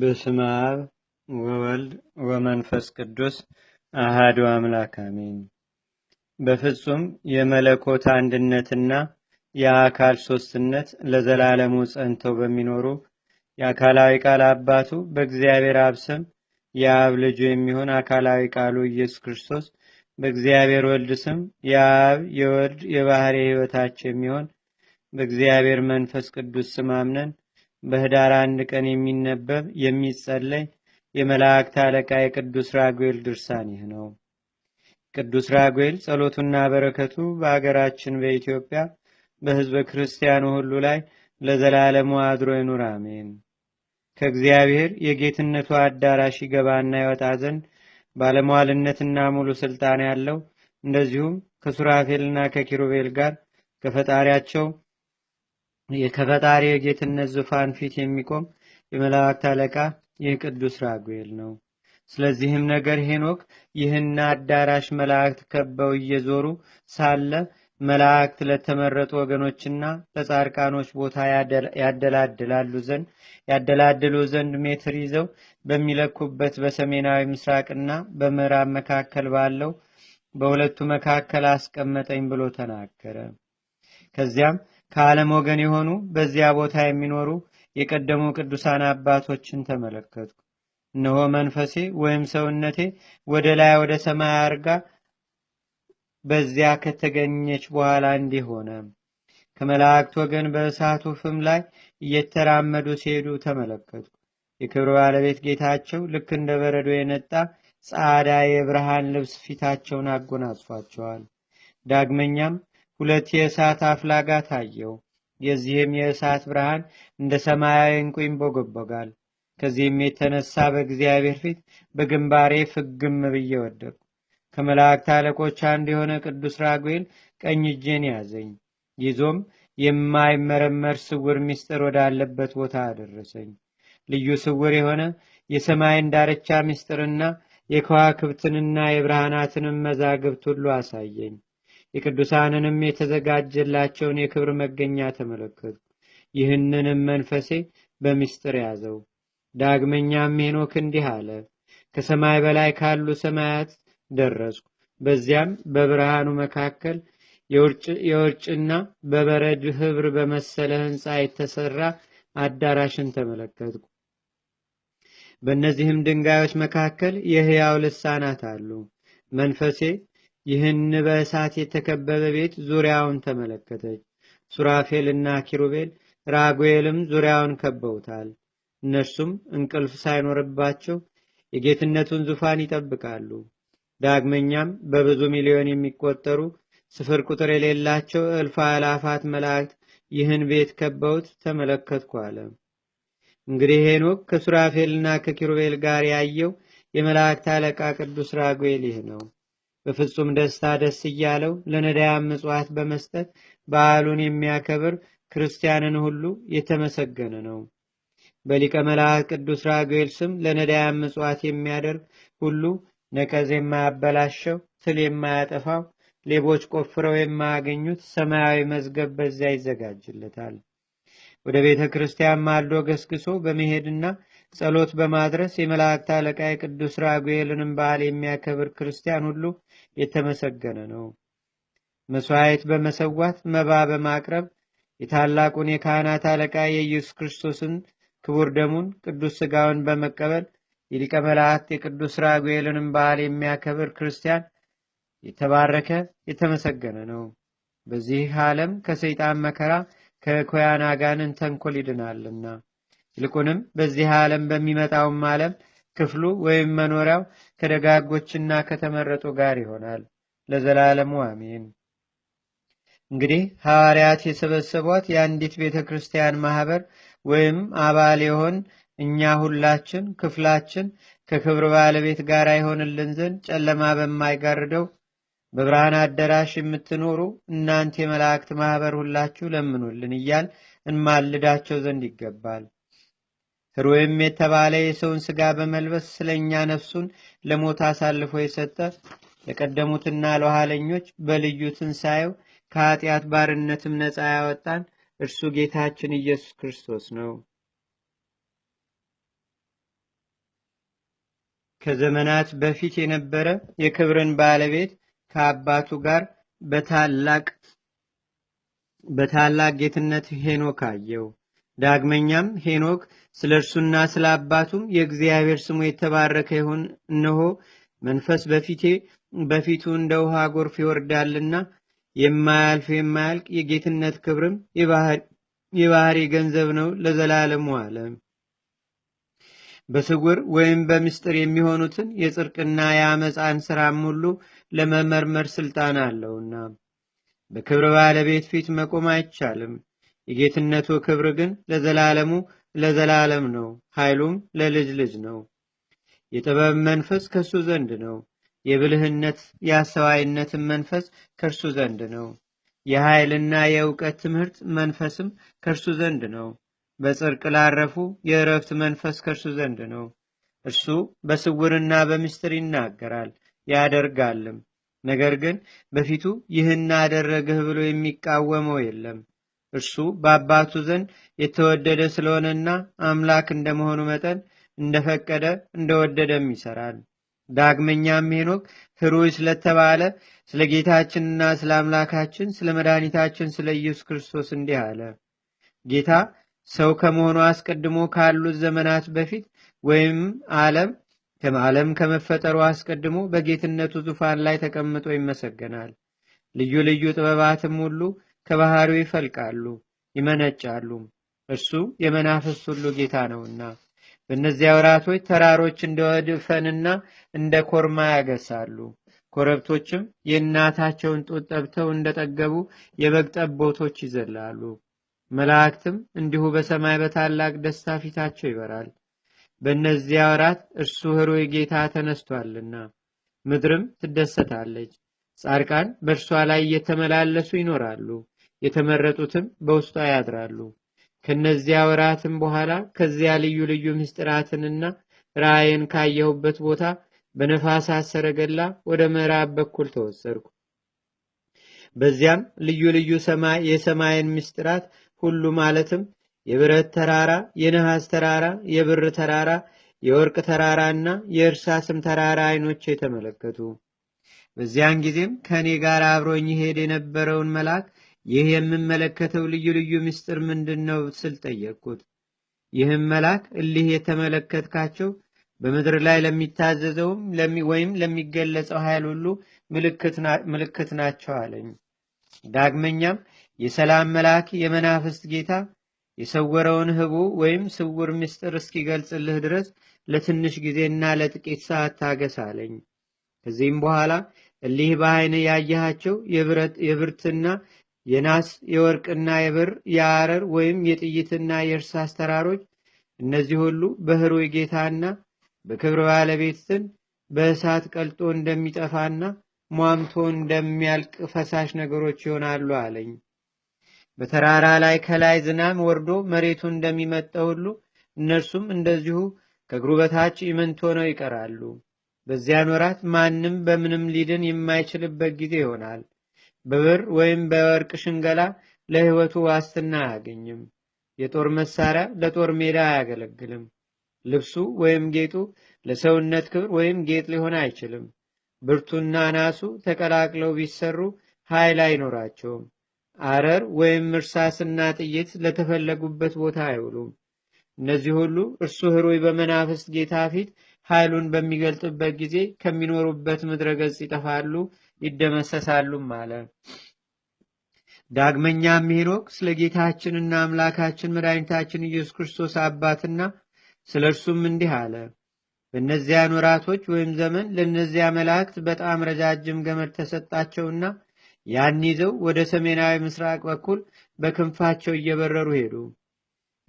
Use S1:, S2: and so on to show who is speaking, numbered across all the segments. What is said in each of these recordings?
S1: በስመ አብ ወወልድ ወመንፈስ ቅዱስ አህዱ አምላክ አሜን። በፍጹም የመለኮት አንድነትና የአካል ሶስትነት ለዘላለሙ ጸንተው በሚኖሩ የአካላዊ ቃል አባቱ በእግዚአብሔር አብ ስም የአብ ልጁ የሚሆን አካላዊ ቃሉ ኢየሱስ ክርስቶስ በእግዚአብሔር ወልድ ስም የአብ የወልድ የባህሪ ሕይወታቸው የሚሆን በእግዚአብሔር መንፈስ ቅዱስ ስም አምነን በህዳር አንድ ቀን የሚነበብ የሚጸለይ የመላእክት አለቃ የቅዱስ ራጉኤል ድርሳን ይህ ነው። ቅዱስ ራጉኤል ጸሎቱና በረከቱ በአገራችን በኢትዮጵያ በህዝበ ክርስቲያኑ ሁሉ ላይ ለዘላለሙ አድሮ ይኑር፣ አሜን። ከእግዚአብሔር የጌትነቱ አዳራሽ ይገባና ይወጣ ዘንድ ባለሟልነትና ሙሉ ስልጣን ያለው እንደዚሁም ከሱራፌልና ከኪሩቤል ጋር ከፈጣሪያቸው ከፈጣሪ የጌትነት ዙፋን ፊት የሚቆም የመላእክት አለቃ ይህ ቅዱስ ራጉኤል ነው። ስለዚህም ነገር ሄኖክ ይህን አዳራሽ መላእክት ከበው እየዞሩ ሳለ መላእክት ለተመረጡ ወገኖችና ለጻድቃኖች ቦታ ያደላድላሉ ዘንድ ያደላድሉ ዘንድ ሜትር ይዘው በሚለኩበት በሰሜናዊ ምስራቅና በምዕራብ መካከል ባለው በሁለቱ መካከል አስቀመጠኝ ብሎ ተናገረ። ከዚያም ከዓለም ወገን የሆኑ በዚያ ቦታ የሚኖሩ የቀደሙ ቅዱሳን አባቶችን ተመለከትኩ። እነሆ መንፈሴ ወይም ሰውነቴ ወደ ላይ ወደ ሰማይ አርጋ በዚያ ከተገኘች በኋላ እንዲህ ሆነ። ከመላእክት ወገን በእሳቱ ፍም ላይ እየተራመዱ ሲሄዱ ተመለከቱ። የክብር ባለቤት ጌታቸው ልክ እንደ በረዶ የነጣ ጻዳ የብርሃን ልብስ ፊታቸውን አጎናጽፏቸዋል። ዳግመኛም ሁለት የእሳት አፍላጋ ታየው። የዚህም የእሳት ብርሃን እንደ ሰማያዊ እንቁ ይንቦገቦጋል። ከዚህም የተነሳ በእግዚአብሔር ፊት በግንባሬ ፍግም ብዬ ወደቅሁ። ከመላእክት አለቆች አንዱ የሆነ ቅዱስ ራጉኤል ቀኝ እጄን ያዘኝ። ይዞም የማይመረመር ስውር ምስጢር ወዳለበት ቦታ አደረሰኝ። ልዩ ስውር የሆነ የሰማይን ዳርቻ ምስጢርና የከዋክብትንና የብርሃናትንም መዛግብት ሁሉ አሳየኝ። የቅዱሳንንም የተዘጋጀላቸውን የክብር መገኛ ተመለከቱ። ይህንንም መንፈሴ በምስጢር ያዘው። ዳግመኛም ሄኖክ እንዲህ አለ፣ ከሰማይ በላይ ካሉ ሰማያት ደረስኩ። በዚያም በብርሃኑ መካከል የውርጭና በበረድ ህብር በመሰለ ህንፃ የተሰራ አዳራሽን ተመለከትኩ። በእነዚህም ድንጋዮች መካከል የሕያው ልሳናት አሉ። መንፈሴ ይህን በእሳት የተከበበ ቤት ዙሪያውን ተመለከተች። ሱራፌልና ኪሩቤል ራጉኤልም ዙሪያውን ከበውታል። እነርሱም እንቅልፍ ሳይኖርባቸው የጌትነቱን ዙፋን ይጠብቃሉ። ዳግመኛም በብዙ ሚሊዮን የሚቆጠሩ ስፍር ቁጥር የሌላቸው እልፍ አላፋት መላእክት ይህን ቤት ከበውት ተመለከትኩ አለ። እንግዲህ ሄኖክ ከሱራፌልና ከኪሩቤል ጋር ያየው የመላእክት አለቃ ቅዱስ ራጉኤል ይህ ነው። በፍጹም ደስታ ደስ እያለው ለነዳያን ምጽዋት በመስጠት በዓሉን የሚያከብር ክርስቲያንን ሁሉ የተመሰገነ ነው። በሊቀ መልአክ ቅዱስ ራጉኤል ስም ለነዳያን ምጽዋት የሚያደርግ ሁሉ ነቀዝ የማያበላሸው ትል የማያጠፋው ሌቦች ቆፍረው የማያገኙት ሰማያዊ መዝገብ በዚያ ይዘጋጅለታል። ወደ ቤተ ክርስቲያን ማልዶ ገስግሶ በመሄድና ጸሎት በማድረስ የመላእክት አለቃ የቅዱስ ራጉኤልንም በዓል የሚያከብር ክርስቲያን ሁሉ የተመሰገነ ነው። መሥዋዕት በመሰዋት መባ በማቅረብ የታላቁን የካህናት አለቃ የኢየሱስ ክርስቶስን ክቡር ደሙን ቅዱስ ሥጋውን በመቀበል የሊቀ መላእክት የቅዱስ ራጉኤልንም በዓል የሚያከብር ክርስቲያን የተባረከ የተመሰገነ ነው። በዚህ ዓለም ከሰይጣን መከራ ከኮያን አጋንን ተንኮል ይድናልና ይልቁንም በዚህ ዓለም በሚመጣውም ዓለም ክፍሉ ወይም መኖሪያው ከደጋጎችና ከተመረጡ ጋር ይሆናል ለዘላለሙ አሜን። እንግዲህ ሐዋርያት የሰበሰቧት የአንዲት ቤተ ክርስቲያን ማህበር ወይም አባል የሆን እኛ ሁላችን ክፍላችን ከክብር ባለቤት ጋር ይሆንልን ዘንድ ጨለማ በማይጋርደው በብርሃን አዳራሽ የምትኖሩ እናንተ የመላእክት ማህበር ሁላችሁ ለምኑልን እያል እንማልዳቸው ዘንድ ይገባል። ሩዌም የተባለ የሰውን ሥጋ በመልበስ ስለ እኛ ነፍሱን ለሞት አሳልፎ የሰጠ ለቀደሙትና ለኋለኞች በልዩ ትንሣኤው ከኃጢአት ባርነትም ነፃ ያወጣን እርሱ ጌታችን ኢየሱስ ክርስቶስ ነው። ከዘመናት በፊት የነበረ የክብርን ባለቤት ከአባቱ ጋር በታላቅ በታላቅ ጌትነት ሄኖክ አየው። ዳግመኛም ሄኖክ ስለ እርሱና ስለ አባቱም የእግዚአብሔር ስሙ የተባረከ ይሁን፣ እነሆ መንፈስ በፊቴ በፊቱ እንደ ውሃ ጎርፍ ይወርዳልና የማያልፍ የማያልቅ የጌትነት ክብርም የባህሪ ገንዘብ ነው ለዘላለሙ አለ። በስጉር ወይም በምስጢር የሚሆኑትን የጽርቅና የአመፃን ስራም ሁሉ ለመመርመር ስልጣን አለውና በክብር ባለቤት ፊት መቆም አይቻልም። የጌትነቱ ክብር ግን ለዘላለሙ ለዘላለም ነው፣ ኃይሉም ለልጅ ልጅ ነው። የጥበብ መንፈስ ከእርሱ ዘንድ ነው። የብልህነት የአስተዋይነትን መንፈስ ከእርሱ ዘንድ ነው። የኃይልና የእውቀት ትምህርት መንፈስም ከእርሱ ዘንድ ነው። በጽርቅ ላረፉ የእረፍት መንፈስ ከእርሱ ዘንድ ነው። እርሱ በስውርና በምስጢር ይናገራል ያደርጋልም። ነገር ግን በፊቱ ይህን አደረግህ ብሎ የሚቃወመው የለም። እርሱ በአባቱ ዘንድ የተወደደ ስለሆነና አምላክ እንደመሆኑ መጠን እንደፈቀደ እንደወደደም ይሰራል። ዳግመኛም ሄኖክ ሕሩይ ስለተባለ ስለ ጌታችንና ስለ አምላካችን ስለ መድኃኒታችን ስለ ኢየሱስ ክርስቶስ እንዲህ አለ። ጌታ ሰው ከመሆኑ አስቀድሞ ካሉት ዘመናት በፊት ወይም ዓለም ዓለም ከመፈጠሩ አስቀድሞ በጌትነቱ ዙፋን ላይ ተቀምጦ ይመሰገናል። ልዩ ልዩ ጥበባትም ሁሉ ከባህሪው ይፈልቃሉ ይመነጫሉም፣ እርሱ የመናፍስት ሁሉ ጌታ ነውና። በእነዚያ ወራቶች ተራሮች እንደ ወድፈንና እንደ ኮርማ ያገሳሉ። ኮረብቶችም የእናታቸውን ጡት ጠብተው እንደጠገቡ የበግ ጠቦቶች ይዘላሉ። መላእክትም እንዲሁ በሰማይ በታላቅ ደስታ ፊታቸው ይበራል። በእነዚያ ወራት እርሱ ህሮ ጌታ ተነስቷልና፣ ምድርም ትደሰታለች። ጻድቃን በእርሷ ላይ እየተመላለሱ ይኖራሉ። የተመረጡትም በውስጧ ያድራሉ። ከነዚያ ወራትም በኋላ ከዚያ ልዩ ልዩ ምስጢራትንና ራእይን ካየሁበት ቦታ በነፋሳት ሰረገላ ወደ ምዕራብ በኩል ተወሰድኩ። በዚያም ልዩ ልዩ የሰማይን ምስጢራት ሁሉ ማለትም የብረት ተራራ፣ የነሐስ ተራራ፣ የብር ተራራ፣ የወርቅ ተራራ እና የእርሳስም ተራራ አይኖቼ የተመለከቱ። በዚያን ጊዜም ከእኔ ጋር አብሮኝ ይሄድ የነበረውን መልአክ ይህ የምመለከተው ልዩ ልዩ ምስጢር ምንድን ነው ስል ጠየቅኩት። ይህም መልአክ እልህ የተመለከትካቸው በምድር ላይ ለሚታዘዘውም ወይም ለሚገለጸው ኃይል ሁሉ ምልክት ናቸው አለኝ። ዳግመኛም የሰላም መልአክ የመናፍስት ጌታ የሰወረውን ህቡ ወይም ስውር ምስጢር እስኪገልጽልህ ድረስ ለትንሽ ጊዜና ለጥቂት ሰዓት ታገስ አለኝ። ከዚህም በኋላ እሊህ በአይን ያየሃቸው የብርትና የናስ የወርቅና የብር የአረር ወይም የጥይትና የእርሳስ ተራሮች እነዚህ ሁሉ በህሩይ ጌታና በክብረ ባለቤት ስን በእሳት ቀልጦ እንደሚጠፋና ሟምቶ እንደሚያልቅ ፈሳሽ ነገሮች ይሆናሉ አለኝ። በተራራ ላይ ከላይ ዝናም ወርዶ መሬቱ እንደሚመጠ ሁሉ እነርሱም እንደዚሁ ከእግሩ በታች ኢምንት ሆነው ይቀራሉ። በዚያን ወራት ማንም በምንም ሊድን የማይችልበት ጊዜ ይሆናል። በብር ወይም በወርቅ ሽንገላ ለሕይወቱ ዋስትና አያገኝም። የጦር መሳሪያ ለጦር ሜዳ አያገለግልም። ልብሱ ወይም ጌጡ ለሰውነት ክብር ወይም ጌጥ ሊሆን አይችልም። ብርቱና ናሱ ተቀላቅለው ቢሰሩ ኃይል አይኖራቸውም። አረር ወይም እርሳስና ጥይት ለተፈለጉበት ቦታ አይውሉም። እነዚህ ሁሉ እርሱ ህሮይ በመናፍስት ጌታ ፊት ኃይሉን በሚገልጥበት ጊዜ ከሚኖሩበት ምድረ ገጽ ይጠፋሉ፣ ይደመሰሳሉም አለ። ዳግመኛም ሄኖክ ስለ ጌታችንና አምላካችን መድኃኒታችን ኢየሱስ ክርስቶስ አባትና ስለ እርሱም እንዲህ አለ። በእነዚያ ወራቶች ወይም ዘመን ለእነዚያ መላእክት በጣም ረጃጅም ገመድ ተሰጣቸውና ያን ይዘው ወደ ሰሜናዊ ምስራቅ በኩል በክንፋቸው እየበረሩ ሄዱ።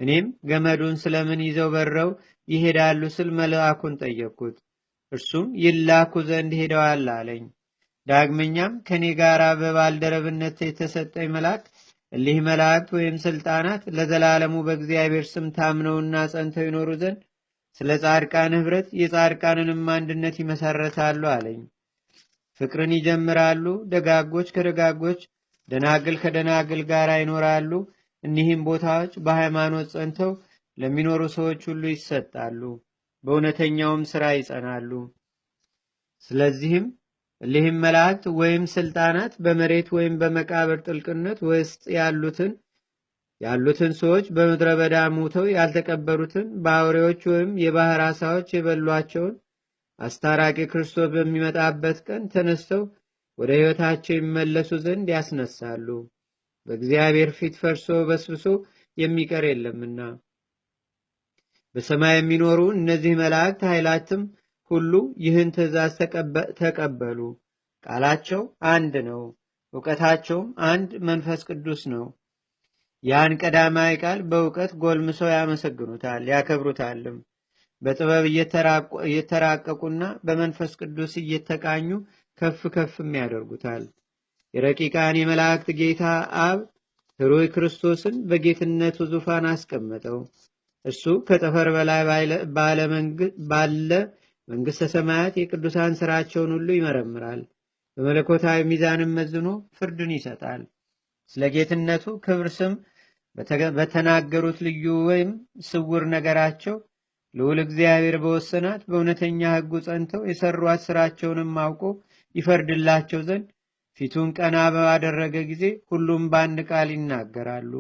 S1: እኔም ገመዱን ስለምን ይዘው በረው ይሄዳሉ ስል መልአኩን ጠየቅኩት። እርሱም ይላኩ ዘንድ ሄደዋል አለኝ። ዳግመኛም ከእኔ ጋር በባልደረብነት የተሰጠኝ መልአክ እሊህ መላእክት ወይም ስልጣናት ለዘላለሙ በእግዚአብሔር ስም ታምነውና ጸንተው ይኖሩ ዘንድ ስለ ጻድቃን ኅብረት የጻድቃንንም አንድነት ይመሰረታሉ አለኝ። ፍቅርን ይጀምራሉ፣ ደጋጎች ከደጋጎች ደናግል ከደናግል ጋር ይኖራሉ። እኒህም ቦታዎች በሃይማኖት ጸንተው ለሚኖሩ ሰዎች ሁሉ ይሰጣሉ፣ በእውነተኛውም ሥራ ይጸናሉ። ስለዚህም እሊህም መላእክት ወይም ስልጣናት በመሬት ወይም በመቃብር ጥልቅነት ውስጥ ያሉትን ያሉትን ሰዎች በምድረ በዳ ሙተው ያልተቀበሩትን በአውሬዎች ወይም የባህር አሳዎች የበሏቸውን አስታራቂ ክርስቶስ በሚመጣበት ቀን ተነስተው ወደ ሕይወታቸው ይመለሱ ዘንድ ያስነሳሉ። በእግዚአብሔር ፊት ፈርሶ በስብሶ የሚቀር የለምና በሰማይ የሚኖሩ እነዚህ መላእክት ኃይላትም ሁሉ ይህን ትእዛዝ ተቀበሉ። ቃላቸው አንድ ነው፣ እውቀታቸውም አንድ መንፈስ ቅዱስ ነው። ያን ቀዳማዊ ቃል በእውቀት ጎልምሰው ያመሰግኑታል ያከብሩታልም። በጥበብ እየተራቀቁና በመንፈስ ቅዱስ እየተቃኙ ከፍ ከፍም ያደርጉታል። የረቂቃን የመላእክት ጌታ አብ ሕሩይ ክርስቶስን በጌትነቱ ዙፋን አስቀመጠው። እሱ ከጠፈር በላይ ባለ መንግሥተ ሰማያት የቅዱሳን ሥራቸውን ሁሉ ይመረምራል፣ በመለኮታዊ ሚዛንም መዝኖ ፍርድን ይሰጣል። ስለ ጌትነቱ ክብር ስም በተናገሩት ልዩ ወይም ስውር ነገራቸው ልዑል እግዚአብሔር በወሰናት በእውነተኛ ሕጉ ጸንተው የሰሯት ሥራቸውንም አውቆ ይፈርድላቸው ዘንድ ፊቱን ቀና ባደረገ ጊዜ ሁሉም በአንድ ቃል ይናገራሉ፣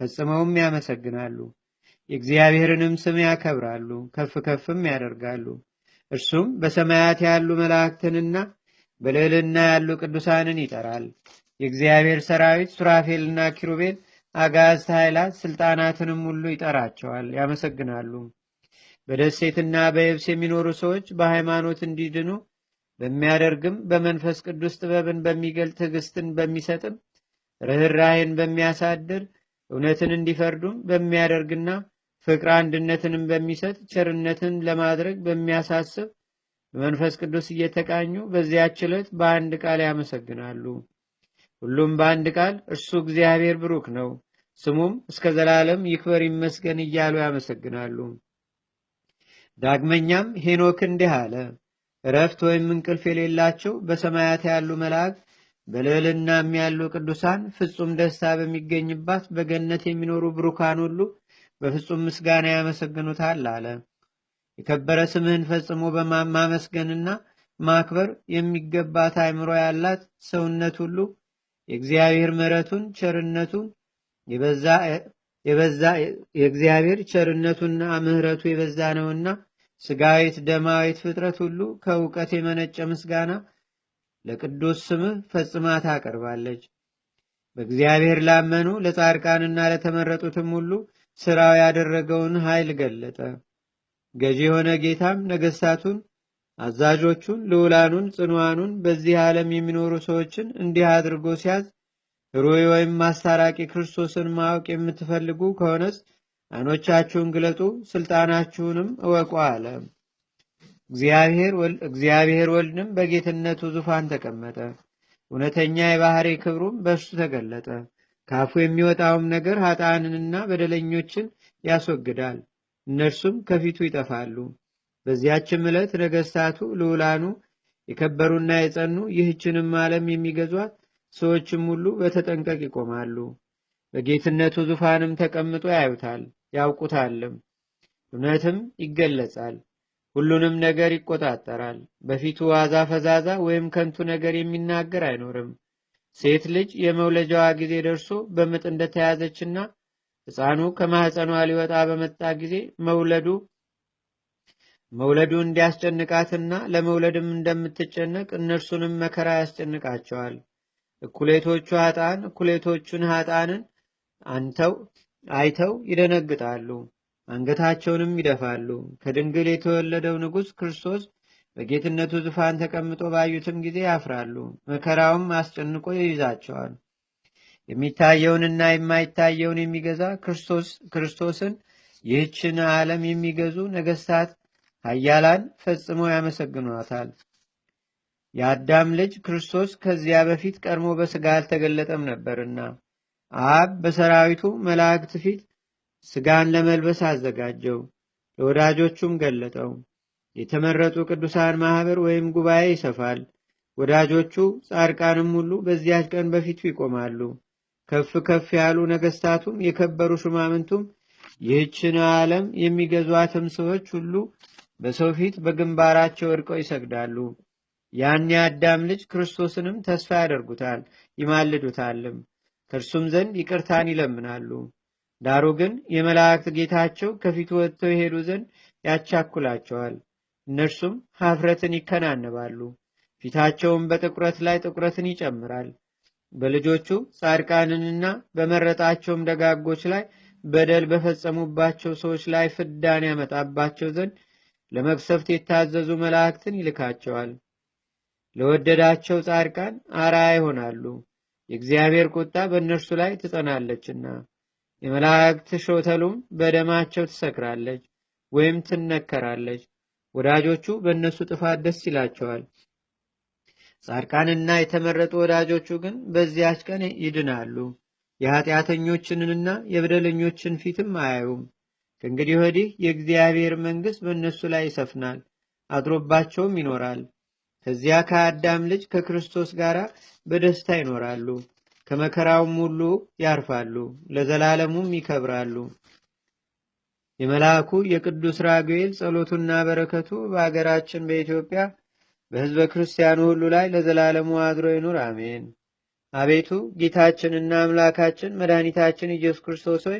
S1: ፈጽመውም ያመሰግናሉ። የእግዚአብሔርንም ስም ያከብራሉ፣ ከፍ ከፍም ያደርጋሉ። እርሱም በሰማያት ያሉ መላእክትንና በልዕልና ያሉ ቅዱሳንን ይጠራል። የእግዚአብሔር ሰራዊት ሱራፌልና ኪሩቤል፣ አጋዝ ኃይላት፣ ስልጣናትንም ሁሉ ይጠራቸዋል፣ ያመሰግናሉ። በደሴትና በየብስ የሚኖሩ ሰዎች በሃይማኖት እንዲድኑ በሚያደርግም በመንፈስ ቅዱስ ጥበብን በሚገል ትዕግስትን በሚሰጥም ርኅራኄን በሚያሳድር እውነትን እንዲፈርዱም በሚያደርግና ፍቅር አንድነትንም በሚሰጥ ቸርነትን ለማድረግ በሚያሳስብ በመንፈስ ቅዱስ እየተቃኙ በዚያች ዕለት በአንድ ቃል ያመሰግናሉ። ሁሉም በአንድ ቃል እርሱ እግዚአብሔር ብሩክ ነው፣ ስሙም እስከ ዘላለም ይክበር ይመስገን እያሉ ያመሰግናሉ። ዳግመኛም ሄኖክ እንዲህ አለ። እረፍት ወይም እንቅልፍ የሌላቸው በሰማያት ያሉ መላእክት በልዕልናም ያሉ ቅዱሳን ፍጹም ደስታ በሚገኝባት በገነት የሚኖሩ ብሩካን ሁሉ በፍጹም ምስጋና ያመሰግኑታል አለ። የከበረ ስምህን ፈጽሞ በማመስገንና ማክበር የሚገባት አይምሮ ያላት ሰውነት ሁሉ የእግዚአብሔር ምሕረቱን ቸርነቱን የእግዚአብሔር ቸርነቱና ምሕረቱ የበዛ ነውና ስጋዊት ደማዊት ፍጥረት ሁሉ ከእውቀት የመነጨ ምስጋና ለቅዱስ ስምህ ፈጽማ ታቀርባለች። በእግዚአብሔር ላመኑ ለጻድቃንና ለተመረጡትም ሁሉ ሥራው ያደረገውን ኃይል ገለጠ። ገዢ የሆነ ጌታም ነገሥታቱን፣ አዛዦቹን፣ ልዑላኑን፣ ጽኑዋኑን በዚህ ዓለም የሚኖሩ ሰዎችን እንዲህ አድርጎ ሲያዝ ሩይ ወይም ማስታራቂ ክርስቶስን ማወቅ የምትፈልጉ ከሆነስ ዓይኖቻችሁን ግለጡ፣ ስልጣናችሁንም እወቁ አለ። እግዚአብሔር ወልድም በጌትነቱ ዙፋን ተቀመጠ። እውነተኛ የባህሪ ክብሩም በእሱ ተገለጠ። ከአፉ የሚወጣውም ነገር ኃጣንንና በደለኞችን ያስወግዳል፣ እነርሱም ከፊቱ ይጠፋሉ። በዚያችም ዕለት ነገሥታቱ፣ ልዑላኑ፣ የከበሩና የጸኑ ይህችንም ዓለም የሚገዟት ሰዎችም ሁሉ በተጠንቀቅ ይቆማሉ። በጌትነቱ ዙፋንም ተቀምጦ ያዩታል ያውቁታልም። እውነትም ይገለጻል። ሁሉንም ነገር ይቆጣጠራል። በፊቱ ዋዛ ፈዛዛ ወይም ከንቱ ነገር የሚናገር አይኖርም። ሴት ልጅ የመውለጃዋ ጊዜ ደርሶ በምጥ እንደተያዘችና ሕፃኑ ከማህፀኗ ሊወጣ በመጣ ጊዜ መውለዱ መውለዱ እንዲያስጨንቃትና ለመውለድም እንደምትጨነቅ እነርሱንም መከራ ያስጨንቃቸዋል። እኩሌቶቹ ኃጣን እኩሌቶቹን ኃጣንን አንተው አይተው ይደነግጣሉ፣ አንገታቸውንም ይደፋሉ። ከድንግል የተወለደው ንጉሥ ክርስቶስ በጌትነቱ ዙፋን ተቀምጦ ባዩትም ጊዜ ያፍራሉ፣ መከራውም አስጨንቆ ይይዛቸዋል። የሚታየውንና የማይታየውን የሚገዛ ክርስቶስን ይህችን ዓለም የሚገዙ ነገስታት ኃያላን ፈጽሞ ያመሰግኗታል። የአዳም ልጅ ክርስቶስ ከዚያ በፊት ቀድሞ በሥጋ አልተገለጠም ነበርና አብ በሰራዊቱ መላእክት ፊት ሥጋን ለመልበስ አዘጋጀው፣ ለወዳጆቹም ገለጠው። የተመረጡ ቅዱሳን ማህበር ወይም ጉባኤ ይሰፋል። ወዳጆቹ ጻድቃንም ሁሉ በዚያች ቀን በፊቱ ይቆማሉ። ከፍ ከፍ ያሉ ነገስታቱም የከበሩ ሹማምንቱም ይህችን ዓለም የሚገዟትም ሰዎች ሁሉ በሰው ፊት በግንባራቸው ወድቀው ይሰግዳሉ። ያን የአዳም ልጅ ክርስቶስንም ተስፋ ያደርጉታል፣ ይማልዱታልም። ከእርሱም ዘንድ ይቅርታን ይለምናሉ። ዳሩ ግን የመላእክት ጌታቸው ከፊቱ ወጥተው የሄዱ ዘንድ ያቻኩላቸዋል። እነርሱም ሀፍረትን ይከናንባሉ። ፊታቸውም በጥቁረት ላይ ጥቁረትን ይጨምራል። በልጆቹ ጻድቃንንና በመረጣቸውም ደጋጎች ላይ በደል በፈጸሙባቸው ሰዎች ላይ ፍዳን ያመጣባቸው ዘንድ ለመቅሰፍት የታዘዙ መላእክትን ይልካቸዋል። ለወደዳቸው ጻድቃን አራ ይሆናሉ፣ የእግዚአብሔር ቁጣ በእነርሱ ላይ ትጸናለችና። የመላእክት ሾተሉም በደማቸው ትሰክራለች ወይም ትነከራለች። ወዳጆቹ በእነሱ ጥፋት ደስ ይላቸዋል። ጻድቃንና የተመረጡ ወዳጆቹ ግን በዚያች ቀን ይድናሉ። የኃጢአተኞችንና የበደለኞችን ፊትም አያዩም። ከእንግዲህ ወዲህ የእግዚአብሔር መንግሥት በእነሱ ላይ ይሰፍናል፣ አድሮባቸውም ይኖራል። ከዚያ ከአዳም ልጅ ከክርስቶስ ጋር በደስታ ይኖራሉ። ከመከራውም ሁሉ ያርፋሉ፣ ለዘላለሙም ይከብራሉ። የመልአኩ የቅዱስ ራጉኤል ጸሎቱና በረከቱ በአገራችን በኢትዮጵያ በሕዝበ ክርስቲያኑ ሁሉ ላይ ለዘላለሙ አድሮ ይኑር፣ አሜን። አቤቱ ጌታችንና አምላካችን መድኃኒታችን ኢየሱስ ክርስቶስ ሆይ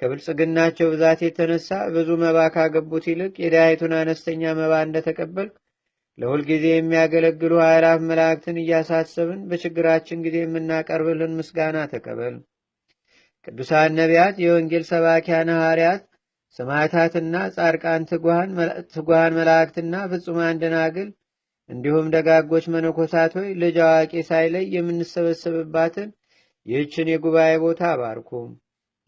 S1: ከብልጽግናቸው ብዛት የተነሳ ብዙ መባ ካገቡት ይልቅ የዳያይቱን አነስተኛ መባ እንደተቀበል ለሁል ጊዜ የሚያገለግሉ ኃይላት መላእክትን እያሳሰብን በችግራችን ጊዜ የምናቀርብልን ምስጋና ተቀበል። ቅዱሳን ነቢያት፣ የወንጌል ሰባኪያን ሐዋርያት ሰማዕታትና ጻድቃን፣ ትጉሃን መላእክትና ፍጹማን ደናግል እንዲሁም ደጋጎች መነኮሳት ሆይ ልጅ አዋቂ ሳይለይ የምንሰበሰብባትን ይህችን የጉባኤ ቦታ አባርኩ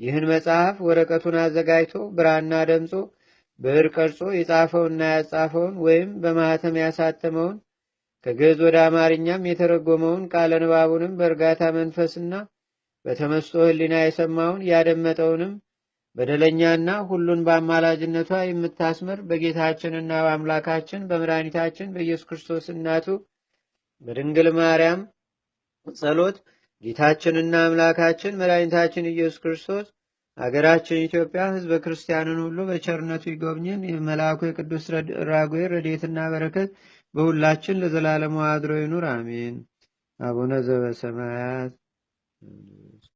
S1: ይህን መጽሐፍ ወረቀቱን አዘጋጅቶ ብራና ደምጾ ብዕር ቀርጾ የጻፈውና ያጻፈውን ወይም በማኅተም ያሳተመውን ከግዕዝ ወደ አማርኛም የተረጎመውን ቃለ ንባቡንም በእርጋታ መንፈስና በተመስጦ ሕሊና የሰማውን ያደመጠውንም በደለኛና ሁሉን በአማላጅነቷ የምታስምር በጌታችንና በአምላካችን በመድኃኒታችን በኢየሱስ ክርስቶስ እናቱ በድንግል ማርያም ጸሎት ጌታችንና አምላካችን መድኃኒታችን ኢየሱስ ክርስቶስ አገራችን ኢትዮጵያ ሕዝበ ክርስቲያንን ሁሉ በቸርነቱ ይጎብኝን። የመልአኩ የቅዱስ ራጉኤል ረዴትና በረከት በሁላችን ለዘላለሙ አድሮ ይኑር፣ አሜን። አቡነ ዘበሰማያት